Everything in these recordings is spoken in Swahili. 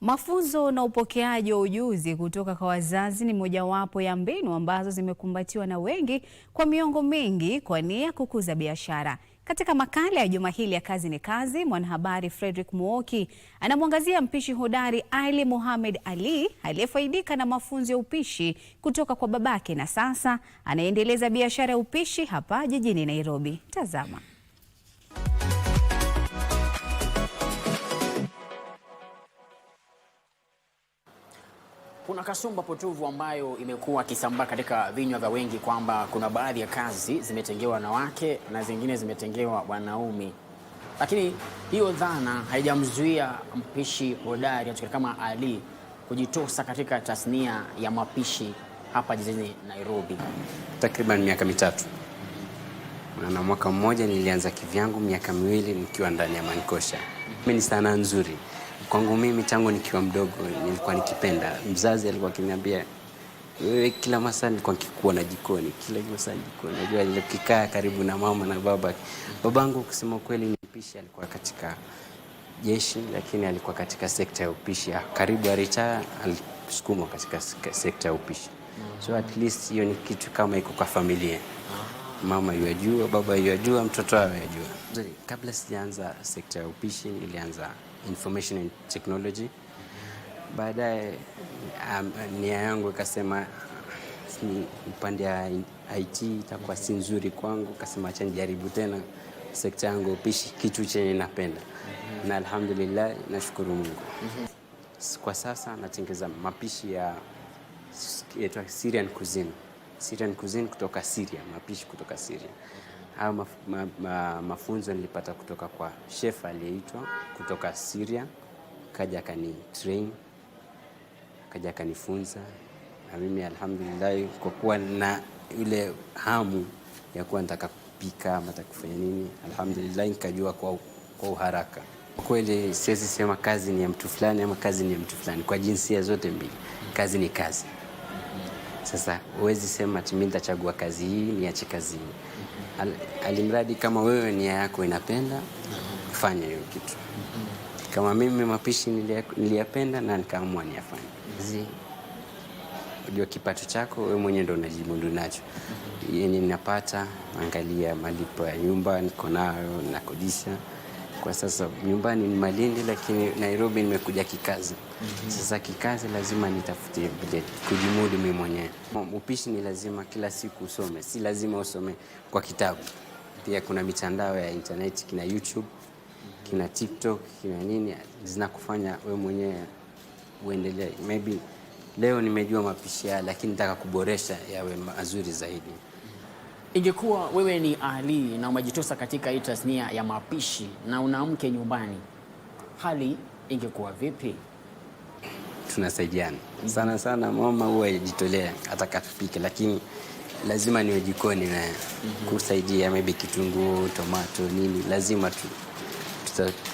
Mafunzo na upokeaji wa ujuzi kutoka kwa wazazi ni mojawapo ya mbinu ambazo zimekumbatiwa na wengi kwa miongo mingi kwa nia ya kukuza biashara. Katika makala ya juma hili ya Kazi ni Kazi, mwanahabari Fredrick Muoki anamwangazia mpishi hodari Ali Mohamed Ali aliyefaidika na mafunzo ya upishi kutoka kwa babake na sasa anaendeleza biashara ya upishi hapa jijini Nairobi. Tazama. Kuna kasumba potovu ambayo imekuwa ikisambaa katika vinywa vya wengi kwamba kuna baadhi ya kazi zimetengewa wanawake na zingine zimetengewa wanaume, lakini hiyo dhana haijamzuia mpishi hodari kama Ali kujitosa katika tasnia ya mapishi hapa jijini Nairobi takriban miaka mitatu na mwaka mmoja nilianza kivyangu, miaka miwili nikiwa ndani ya Mankosha. Mimi ni sanaa nzuri Kwangu mimi tangu nikiwa mdogo nilikuwa nikipenda. Mzazi alikuwa akiniambia wewe, kila masaa nilikuwa nikikuwa na jikoni, kila masaa jikoni. Najua nilikikaa karibu na mama na baba. Babangu kusema kweli ni mpishi, alikuwa katika jeshi, lakini alikuwa katika sekta ya upishi. Karibu alitaa alisukumwa katika sekta ya upishi, so at least hiyo ni kitu kama iko kwa familia Mama yuajua, baba yuajua, mtoto wao yuajua. Kabla sijaanza sekta ya upishi nilianza information and technology. Baadaye um, nia yangu ikasema upande ya IT itakuwa si nzuri kwangu, kasema acha nijaribu tena sekta yangu upishi, kitu chenye napenda mm -hmm. na alhamdulillah nashukuru Mungu mm -hmm. kwa sasa natengeza mapishi ya Syrian cuisine, Syrian cuisine kutoka Syria, mapishi kutoka Syria. Hayo maf ma ma mafunzo nilipata kutoka kwa chef aliyeitwa kutoka Syria, kaja akani train, kaja akanifunza, na mimi alhamdulillah, kwa kuwa na ile hamu ya kuwa nataka kupika ama nataka kufanya nini, alhamdulillah nikajua kwa, kwa uharaka. Kweli siwezi sema kazi ni ya mtu fulani ama kazi ni ya mtu fulani, kwa jinsia zote mbili kazi ni kazi. Sasa huwezi sema ati mimi nitachagua kazi hii niache kazi hii. Al, alimradi kama wewe nia yako inapenda fanya hiyo kitu. Kama mimi mapishi niliyapenda na nikaamua niyafanye. Unajua kipato chako wewe mwenyewe ndio unajimudu nacho. Yenye ninapata, angalia malipo ya nyumba niko nayo, nakodisha kwa sasa. Nyumbani ni Malindi, lakini Nairobi nimekuja kikazi. mm -hmm. Sasa kikazi lazima nitafutie budget kujimudu mimi mwenyewe. Upishi ni lazima kila siku usome, si lazima usome kwa kitabu. Pia kuna mitandao ya intaneti, kina YouTube, kina TikTok, kina nini, zinakufanya we mwenyewe uendelee. Maybe leo nimejua mapishi haya, lakini nataka kuboresha yawe mazuri zaidi. Ingekuwa wewe ni Ali na umejitosa katika hii tasnia ya mapishi na una mke nyumbani, hali ingekuwa vipi? Tunasaidiana sana sana, mama huwa ajitolea hata kapika, lakini lazima niwe jikoni naye mhm. kusaidia maybe kitunguu, tomato nini, lazima tu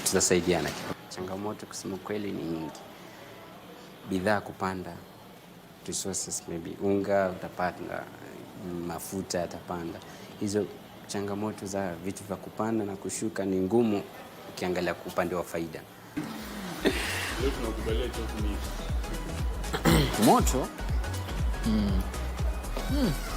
tutasaidiana. Changamoto kusema kweli ni nyingi, bidhaa kupanda, resources maybe unga utapanda mafuta yatapanda. Hizo changamoto za vitu vya kupanda na kushuka ni ngumu ukiangalia upande wa faida. moto mm. Mm.